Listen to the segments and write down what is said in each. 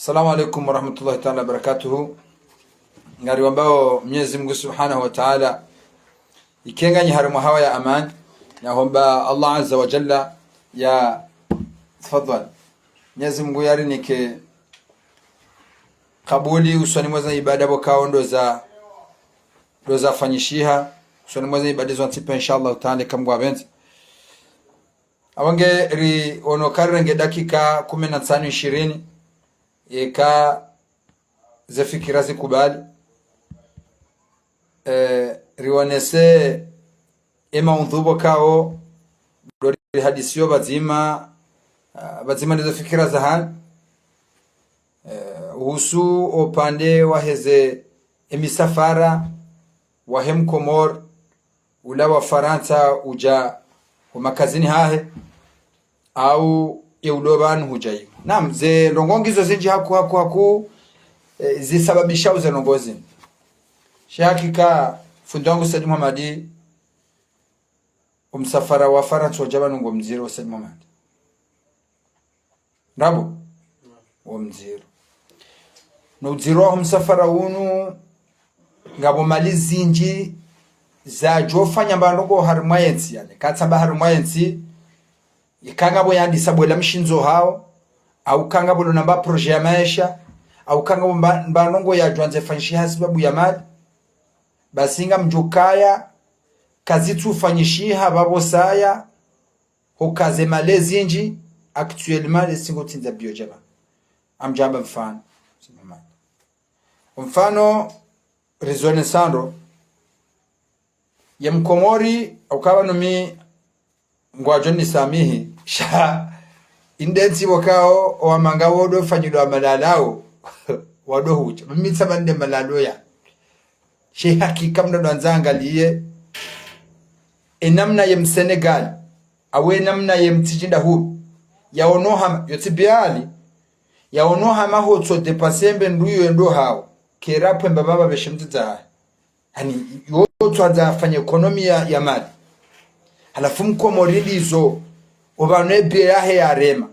Salamu alaikum rahmatullahi taala wa barakatuhu. ngari ambao Mwenyezi Mungu subhanahu wa taala ikenga ikenganye harimo hawa ya aman amani nahomba Allah azza wa jalla ya tafadhal Mwenyezi Mungu yari ni ke kabuli usoni mwaza ibada bokawo ndoza doza fanyishiha usoni mwaza ibada zo ntsipa inshallah taala kamgwa benzi awange ri onokarira nge dakika 15 20 yeka ze fikira zikubali eh, e, riwonese emaundhubo kao dorihadisiyo bazima eh, bazima ndizo fikira za hali eh, husu opande waheze emisafara wahe mkomor ula wa Faransa uja umakazini hahe au eudoban hujayo longongi zilongongizo zinji haku haku haku e, zisababisha uzelongozi shakika fundi wangu Said Muhammad umsafara wa Faransa wajaba nungo mziro Said Muhammad ndabo wa mziro no mziro wa umsafara unu ngabo mali zinji za jofanya mbandogo harimwayensi yani katsamba harimwayensi ikanga ikhangabo yandisabwe la mshinzo hao au kanga bo namba projet ya maisha au kanga bo mbanongo ya jwanze fanyishi hasibabu ya mali basinga mjukaya kazi tu fanyishi kazitsufanyishiha babosaya hokaze malezi nji actuellement lesingo tinza bio biojaba amjaba mfano mfano rizone sando ya mkomori au kabanumi ngwajo nisamihi sha indetsi wakao wamanga wodo fanyilwa malalao wado hucha mimitsa bande malalo ya she hakika mndo liye enamna ye msenegal awe namna ye mtsichinda hu yaonoha yotibiali yaonoha mahotso de pasembe nduyo ndo hao kerapwe mbababa beshimtita hani yotswa zafanya ekonomi ya mali halafu mkomorilizo ovano ebie yahe yarema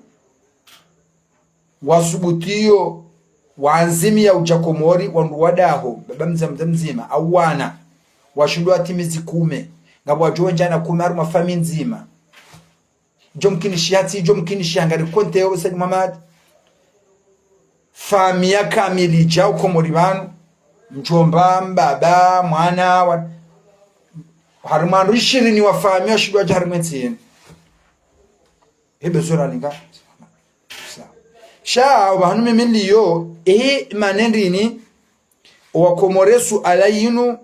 wasubutiyo wanzimia ujakomori wandu wadaho baba mzima mzima au wana washindwa atimizi kume ngabo wajonjana kume ari mafami nzima jo mkinishi hatsi jo mkinishi hangari konte yo sadi mamad famia kamili jao komori banu mchomba mbaba mwana wa harumandu ishini ni wafamia shidwa jarumwe tsini hebe zora linga sha abantu mimiliyo ehe manendini wakomoresu alayinu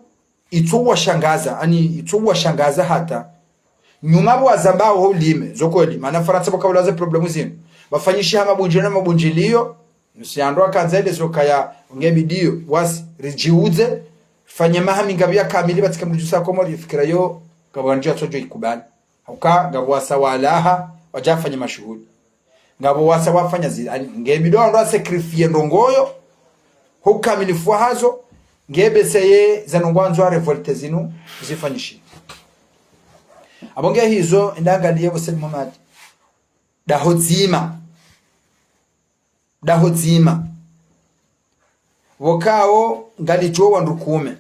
ito washangaza ani ito washangaza hata nyuma bwaza mbao ulime zokoli mana faransa bakabulaza problemu zino bafanyishe hama bunjiro na mabunjilio nusiandwa kanza ile zokaya ngebidio wasi rijiuze fanya ya kamili batika fanyama haminga byakamili batsikamrujusa komo lifikirayo gabwanje atojo wasa wa alaha walaha fanya mashuhudi gabu wasa wa fanya wafanya zilani ngebido ndo nongoyo huka hukamilifu hazo ngebe seye za ngebeseye zanongwanzwa revolte zinu zifanyishi abonge hizo ndangaliye bose Muhammad daho zima daho zima ngalijua ngalicho wandukume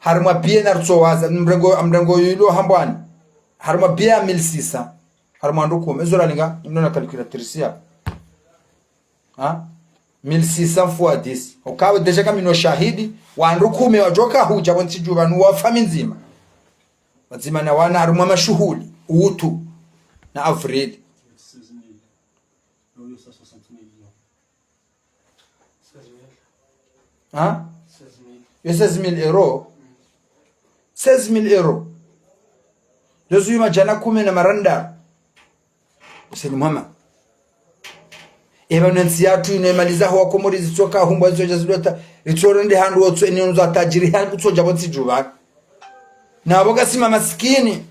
harma pia narso waza mrengo mrengo yilo hambwani harma pia mil sisa harma nduko mezora linga ndo na kalikira calculatricia ha mil sisa fois 10 okawe deja kama ino shahidi wa wanrukume wajoka huja wansi juba wa fami nzima wazima na wana harma mashuhuli utu na afrid ha yo 16000 euro 16000 euro lezuyuma majana kumi na maranda Hussein Muhammad eba ya tu ne maliza ho akomori zitsoka humbo zitsoja zidota itoro ndi handu otso ine nzo atajiri ha kutso jabo tsijuba na aboga sima maskini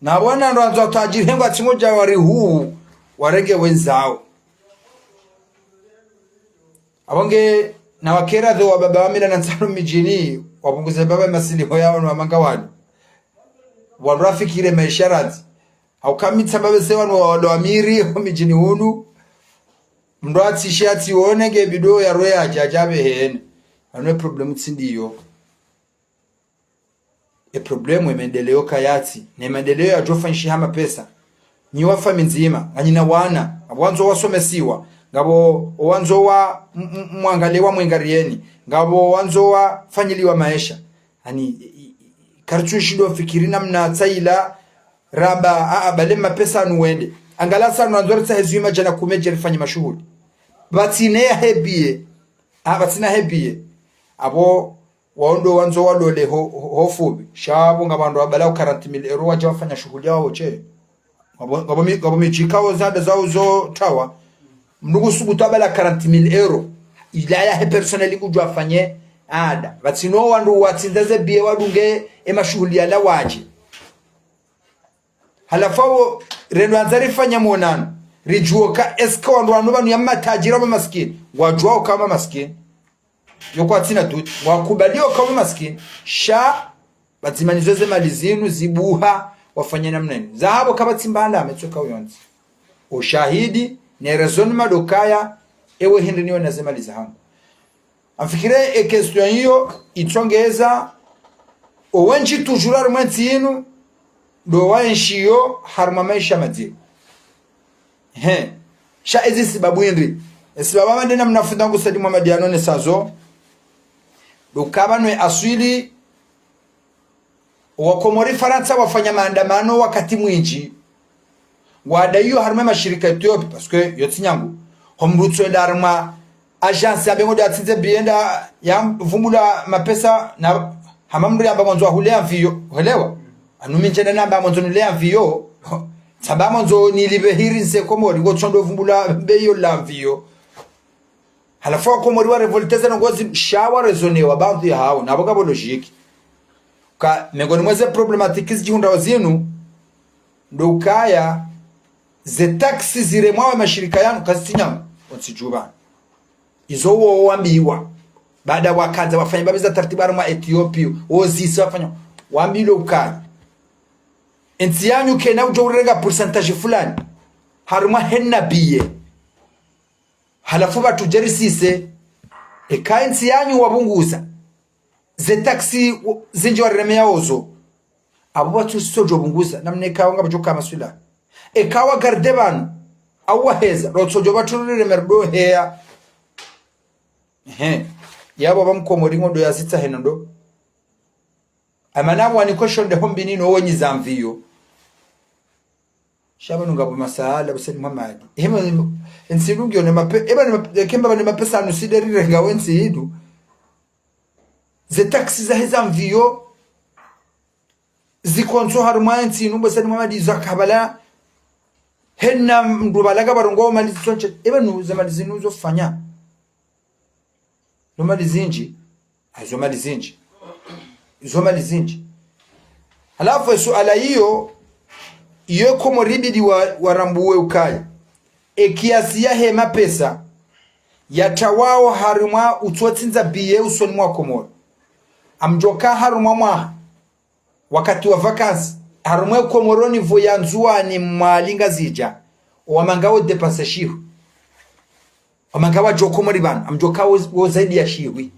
na nabo ndo anzo atajiri hengwa tsingoja wari hu warege wenzao abonge na wakera dho wa baba wami na ntsalo mijini wapunguze baba masiliho yao na wamanga wanu wanrafikire maisha au aukamitsa babe se wanu wawado amiri wa mijini hunu mndo atsishe ge bidu ya roya ajajabe hene anwe problemu yo e problemu e maendeleo kayati ne maendeleo ya jofa nshi hama pesa ni wafa minzima anyina wana abwanzo wasomesiwa ngabo wanzowa mwangalewa mwengarieni ngabo wanzowa fanyiliwa maisha ani karchu shido fikiri namna tsaila raba a bale mapesa nuende angala sana nzori tsa hezima jana kumeje rifanye mashuhuri batsine hebie a batina hebie abo waondo wanzo walole ho, hofubi shabo ngabantu abala ukaranti mil euro waje wafanya shughuli yao che ngabo ngabo mi, mi chikao zada zao zo tawa mnugu mnugusu gutabala 40000 euro ila ya he personally kujwafanye ada vatsino wandu watsindaze biye wadunge emashughuli yala waje halafawo rendo anza rifanya monano rijuoka eske wandu wanu vanu ya matajira ava maskini wajwao kama maskini yoko atsina tuti wakubaliwa kama maskini sha vatsimanizweze mali zinu zibuha wafanya wafanye namnani zahavo kavatsimbaala ametsoka uyonzi ushahidi neresonima dokaya ewe hindi niwe liza hangu amfikire ekestion hiyo itsongeza owenji tujura rumwensi yinu yo harma maisha madzi. he sha ezi sibabu indri esibabu amandina mnafunza ngu sadi muhamadi anone sazo dokabanwe aswili wakomori faransa wafanya maandamano wakati mwinji gwadayo harimo amashirika Ethiopia parce que yotsinyangu homrutswe darma agence ya bengo yatsinze bienda ya vumula mapesa na hamamri amba mwanzo hulea mviyo elewa anuminjene namba mwanzo nilea mviyo tsaba mwanzo nilibe hiri nse komori ngo chondo vumula beyo la mviyo halafu komori wa revolteza ngozi shawa rezone wa bantu ya hao na naboga bolojiki ka miongoni mweze problematiki zihunda wazinu ndokaya ze taxi zire mwawe mashirika yanu kazitinyama onsijubana izo wo wambiwa baada wakanza wafanya babiza taratibu mwa Ethiopia wozisi wafanya wambilo ukani ensi yanyu kena ujorenga percentage fulani haruma henna biye halafu batu jerisise e ensi yanyu wabunguza ze taxi zinjwa remeya ozo abo batu sojo bunguza namne kaonga kama maswila ekawa awa heza rotso joba baturire merdo heya ehe ya yabo bamkomori do yasitsa henando amanamu de hombi nino wonyi wonyizamviyo shaba nunga nungabo masahala buseni mamadi hema ensilungyo ne mape eba ne kemba ne mapesa anusiderire wensi hidu ze taxi za heza hezamviyo zikonzo harumwa ensinumbo seni mamadi zakabala henna mndu balaga barongo malizi sonche eba nuze malizi nuzo fanya no malizi nji azo malizi nji zo malizi nji alafu esu ala hiyo iyo komo ribidi wa, warambuwe ukaya ekiasi ya hema pesa yatawao harumwa utsotsinza biye usoni komoro amjoka harumwa mwa wakati wa vakansi harumwe moroni komoroni voyanzuani mwalinga zija wamangawo depasa shihu wamangawa joko mori bantu amjoka wo zaidi ya shihwi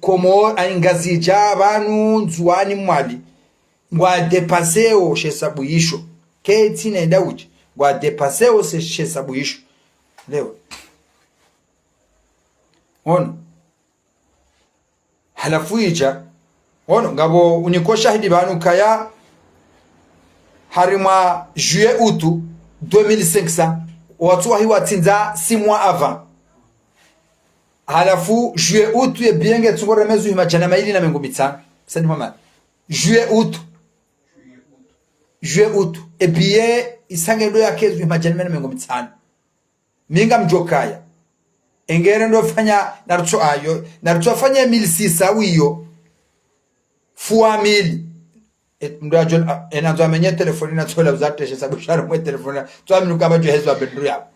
komo angazija banu nzuani mwali ngwa depaseo shesabu yisho keti nenda uchi ngwa depaseo shesabu yisho leo ono halafu ija ono ngabo unikosha hidi banu kaya harima mwa juillet août 2500 watu wahiwatsinza si mwa ava halafu juillet août yebienge tsungore mezu himajana maili na mengumitsa sani mama juillet août juillet août ebiye isangendo yakezu maili na mengumitsana minga mjokaya engere ndo fanya narucho ayo narucho fanya 1600 wiyo fuwa mili Eh, ndo yacho eh, enanzo amenye telefoni na tsola uzateshe sabushara mwe telefoni tso aminu kaba jo hezwa bedru ya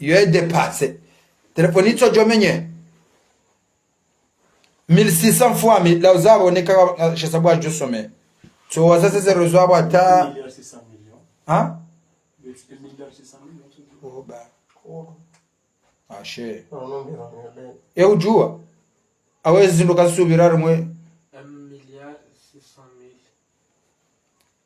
yo e de passe telefoni tso jo menye 1600 fois mi la uzabo ne kaba she sabu ajo some tso waza sese rezo abo ata ha oba ashe eujua awezi ndo kasubira rimwe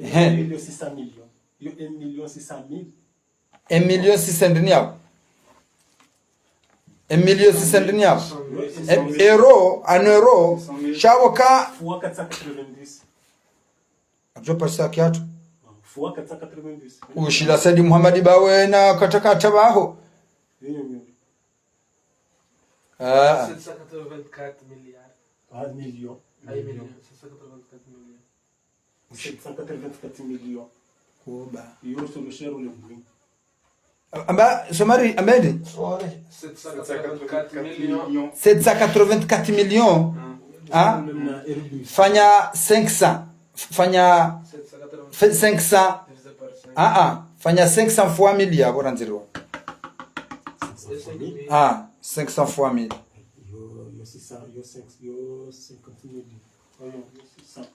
un million six cent ndini yako million six cent ndini euro an euro chavo ka ajopasaki atu ushila sadi muhamadi bawena katakata baho ah. 784 milliards. 1 million. 1 million. 784 milliards. 784 ah, ah, bah, millions. Koba. Yo solutionnaire au Leboui. Amba, somari, amende? 784 millions. 784 millions. Hein? Fanya 500. Fanya 500. Ah ah, fanya 500 fois 1000 ya boranzirwa. Ah, 500 fois 1000. Yo, yo 600, yo 5, yo 50 millions.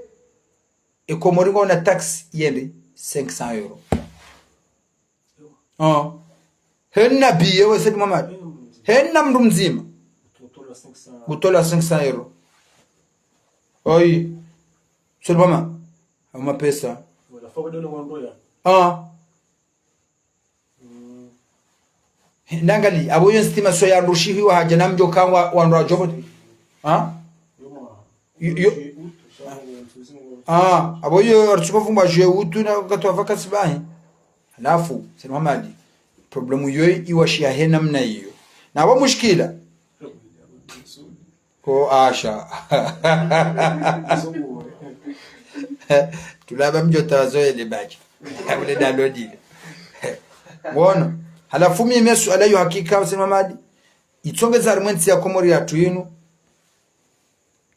ekomori taxe na tax yende 500 euro oh ah. henna biye we said mama henna mndu mzima gutola 500 euro oi said mama ama pesa wala fogo dole wandoya ah nangali abo yo so ya ndushi hiwa haja namjo kangwa wandoa jobo ah yo Ah, abo yo archiko fumba je utu na katwa vakansi bahe. Alafu sema Muhammad problemu yo iwashia he namna hiyo. Na abo mushkila. Ko asha. Tulaba mjo tazoe le baki. Abule dalodile. Mbona? alafu mimi mesu alayo hakika sema Muhammad. Itsongeza alimwenzi ya komori ya tuinu.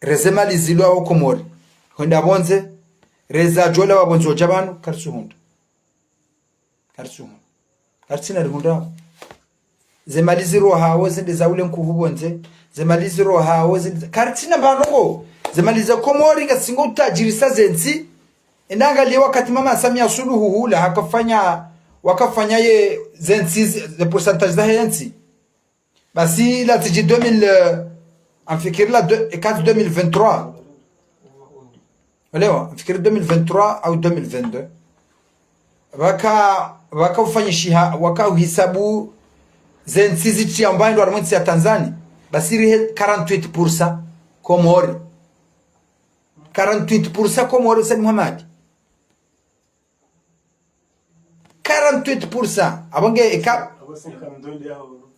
Rezemali zilwa okomori honda bonze reza jola wa bonzo jabanu karsu hunda karsina rihunda zemaliziro hawo zinde zaule nkuhubonze zemaliziro hawo zinde karsina banongo zemaliza komori gasingo utajirisa zensi inangalie wakati mama Samia Suluhu hula hakafanya wakafanya ye zensi le pourcentage za hensi basi la tiji 2000 amfikiri la 2023 Elewa, fikiri 2023 au 2022 waka wakaufanyishiha wakauhisabu zensiziti ambayo ndo aramwensi ya Tanzania basirihe 48% komori 48% komori usani Muhammad 48% abonge eka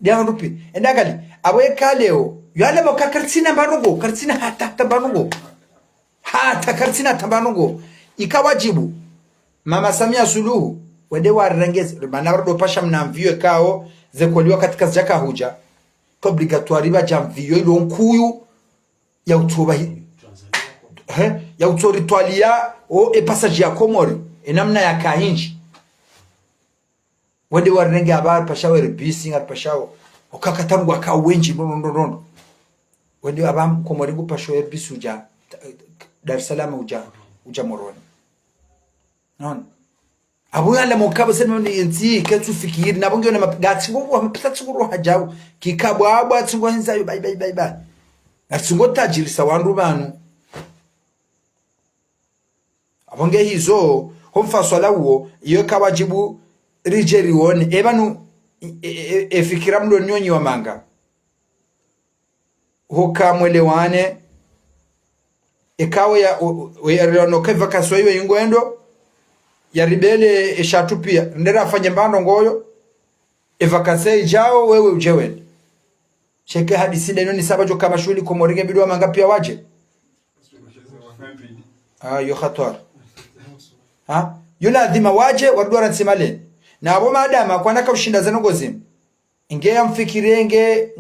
diahurupi endagali abo ekaleo yale boka kartsina banugo kartsina hatata banugo hata karsina tambanugo ikawajibu Mama Samia Suluhu wende bana rodo pasha mnamvio kao zekoliwa katika zaka huja obligatoire baja mvio ilo nkuyu ya utuba he ya utori twalia o e passage ya Komori enamna ya kahinji wende wa warenge abar pasha wa bising at pasha wa tangwa ka wenji bondo bondo wende abam Komori ku pasha wa gupasho ebisuja Dar es Salaam uja uja Moroni. Naona abuyala mukabo sema ni nzi ketu fikiri na nabo ngiyo namagati ngo wamepita tsikuruha jawo kikabwa abwa tsingo hinzayo bye bye na bye. Ngatsingo tajirisa wandu banu. Abonge hizo homfa swala uo iyo kawajibu rijeri wone ebanu efikira e, e, e, mlo nyonyi wa manga. Hukamwelewane ikawa ya yarioneka ivakaso iwe ingwendo yaribele eshatupia ndera afanye mbando ngoyo evakase ijao wewe ujewe cheke sheke hadi sida inoni saba jo kama shuli komorege bidwa mangapi waje ah yo khatwar ha yula adhima waje wadwa ransimale na abo madama kwanaka ushinda zanogozimu inge yamfikirenge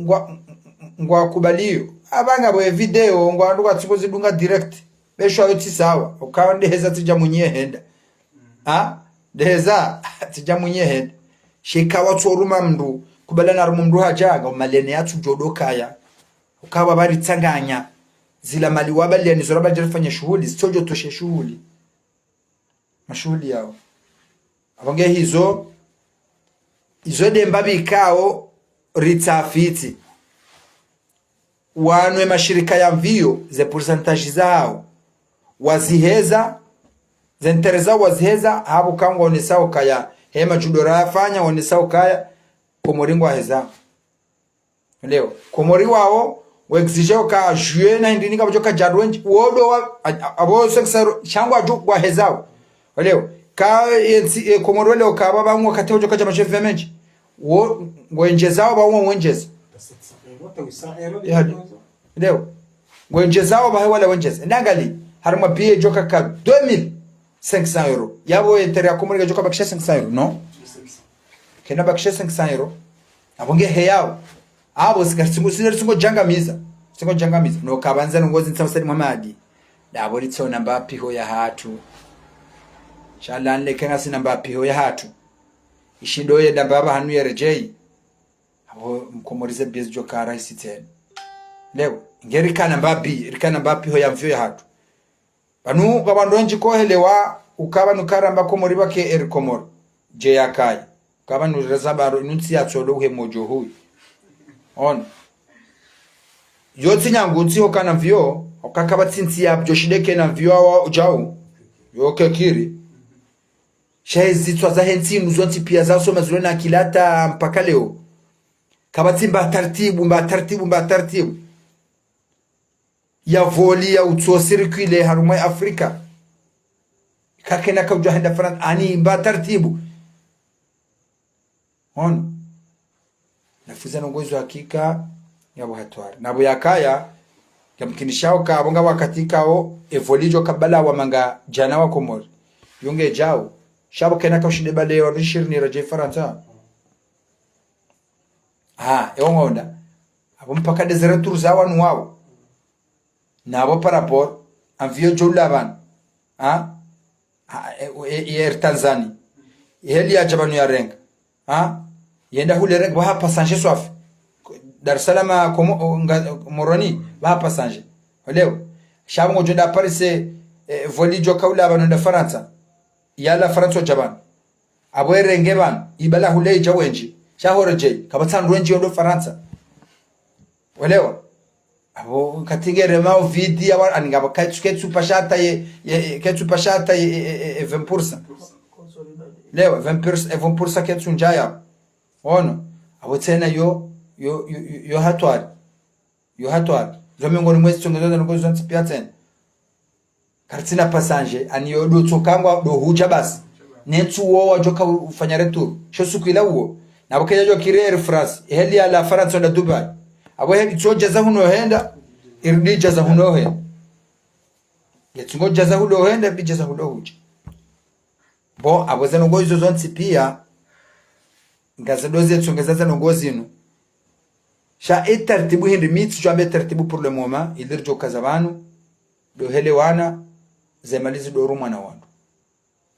ngwakubaliyo abanga bwe video ngwandu kwatsikozidunga direct besho ayo tisawa ukawa ndeheza tija munyehenda mm. ha ndeheza tija munyehenda shikawa tsoruma mndu kubalana ri mundu hajaga malene yatsu jodokaya ukawa bari tsanganya zila mali wabali wabaleni zora bajerfanya shughuli sitojo toshe shughuli mashughuli yao abange hizo izo demba bikao ritafiti wanwe mashirika ya mvio ze pourcentage zao waziheza zentere zao waziheza habu kangwa onesao ukaya hema chudora yafanya ukaya kaya wa heza leo komori wao wexijeo ka jue na hindi nika bojoka jadwenji wodo wa abo seksaro changwa jukwa heza leo ka yensi komori e, leo ka baba mwa kateo joka chama chef menji wo wenjezao ba mwa wenjezao yahdi ndio wenjezawo bahe wala wenjeze ndangali harimo biye joka ka 2500 euro yabo etere akomuriga joka bakisha 500 euro no kena bakisha 500 euro abonge heyawo abo ah, sigasingo singo jangamiza singo jangamiza no kabanza ngozi nsabasari mamadi dabo litso namba piho ya hatu shalanle kenga sinamba piho ya hatu ishindo ye damba hanu ya rejei aho mkomorize biezi jo kara tena leo ngeri kana mbabi rikana mbabi ho yamvyo ya hatu banu babandonji kohelewa ukaba nukara mbakomori er bake erikomori je yakaye ukaba nureza baro inutsi yatsolo uhe mojo huyu on yotsi nyangutsi ho kana vyo okakaba tsinsi yabyo shideke na vyo awa jawu yoke kiri shahezi tswaza hentsi muzonti pia zasoma zilona kilata mpaka leo mba taratibu mba taratibu mba taratibu ya voli ya utso sirkwi le harumai afrika kakena ka henda faran ani mba taratibu on nafuza nongozo hakika yabo hatwara nabo yakaya yamkinishao ka abonga wakatikao evolijo kabala wa manga jana wa komori yunge jao shabu kenaka ushinde bale wa ni raje faransa ha eongonda abompakade zere turu za wanu wao nabo parapor anvio joula abantu ha yer e, e, e, Tanzania heli ya jabanu ya renga ha yenda hule vai passar pasanje swafi Dar salam a como moroni vai passar baha pasanje leo shabango jonda para eh, voli joka ula abantu da Faransa yala Faransa jaban abo erenge ban ibala hule jawenji cyahoroje kabatsandura ngiyo ndo faransa welewa abo katigere mau vidi aba aningaba ketsu pashata ye ketsu pashata ye 20% e, e, e, lewa 20% 20% ketsu njaya ono abo tena yo yo yo hatwari yo hatwari zo miongoni mwezi tsongezo ndo zonzi pia tena kartsina passage ani yo do tsokangwa do huja basi netsu wo wajoka ufanya returu sho suku ila uo nabo kenya jo kirer fras heli ala france na dubai abo heli cho jaza huno henda irdi jaza huno he yetsingo jaza huno henda bi jaza huno uje bo abo zeno go izo zonsi pia ngaza dozi zeno go gozino sha etartibu hindi mit jo ambe tartibu pour le moment ilir jo kazabanu do hele wana zemalizi do rumana wa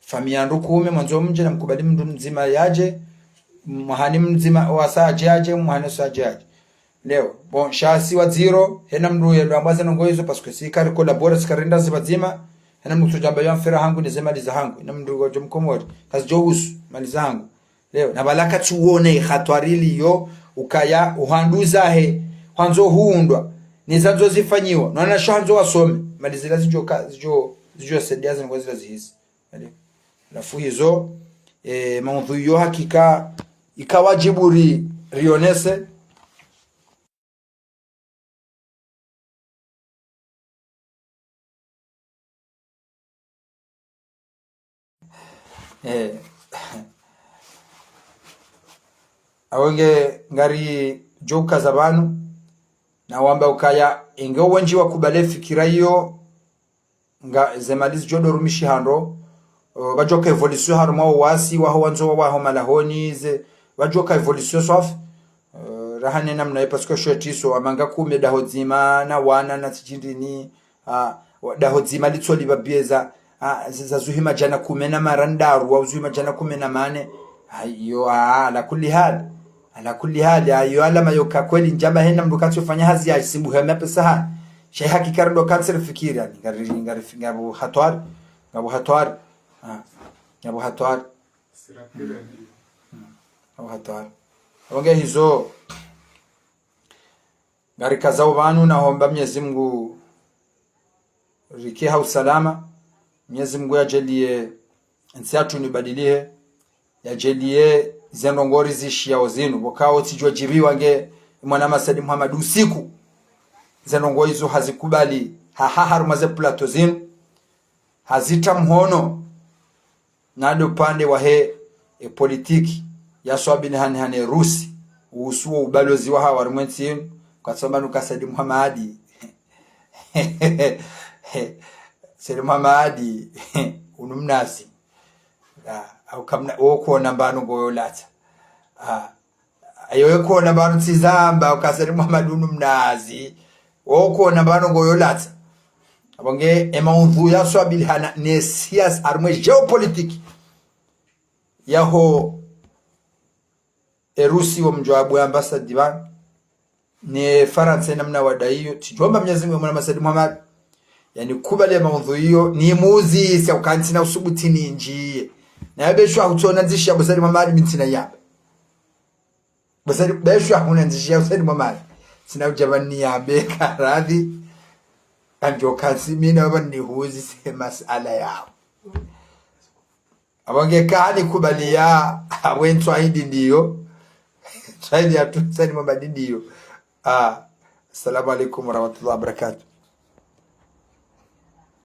famia ndukuume mwanzo mje na mkubali mndu mzima yaje muhani mzima wa saa jaje wasajaje saa jaje leo bon shasi wa zero hena mru ya lwambaza nongoizo paske sikari nda ziba zima hena mru jamba ya mfira hangu ni zema liza hangu hena mru gojo mkomori kazi jo usu maliza hangu leo na balaka tuone khatwarili yo ukaya he hanzo huu huundwa nizazo zifanyiwa naona shu hanzo wa wasome malizira zijo zijo zijo zi ngozi lazihisi leo lafu hizo e, maudhui yo hakika ikawa jibu ri rionese eh. awenge ngari jokaza banu nawamba ukaya inge wenji wakubale fikira hiyo nga zemalizi jodorumishi hando uh, bajoke evolution harumo wasi waho wanzo waho malahoni ze wajua ka evolution sof uh, eh, rahane namna parce que shetiso amanga kume dahodzima na wana na chindini uh, ah, dahodzima litsoli babieza uh, ah, zazuhima jana kume na marandaru wa uzuhima jana kume na mane ayo ah, ala kulli hal ala kulli hal ayo ala mayoka kweli njaba hena mrukati ufanya hazi ya simbu hema pesa ha shay hakika ndo kanser fikira ngari ngari ngabu hatwar ngabu hatwar ngabu hatwar au hatano abonge hizo garika zao banu naomba Mwenyezi Mungu rikiha usalama Mwenyezi Mungu yajalie nsi yatu nibadilie yajalie zenongori zishiao zinu bokao tijwa jibiwange mwana Masadi Muhammad usiku zenongo hizo hazikubali maze plato zinu hazita mhono nado upande wa he e politiki yaswabini hani rusi uhusuo ubalozi waha warimwensi yenu kwasomba nukasadi muhamadi sedi muhamadi unumnasi wokuona mbanu ngoyolata ayoekuona mbanu tsizamba ukasadi muhamadi unumnazi wokuona mbanu ngoyolatsa abonge hana ne nesiyas armwe geopolitiki yaho Erusi wa mjwabu ambasadi ba ni Faransa mna wada hiyo tijuomba Mwenyezi Mungu mwana masadi Muhammad yani kubali ya maudhu hiyo ni muzi isi ya ukantina usubuti ni njiye na yabe shwa hutona zishi ya basadi Muhammad mitina yabe basadi beshwa huna zishi ya basadi Muhammad sina ujabani yabe karadhi anjo kasi mina baba ni huzi se masala yao abonge kubali ya awentwa ahidi ndiyo saini ya saidi saini mabadidi hiyo. Ah, assalamu alaikum warahmatullahi wabarakatuh.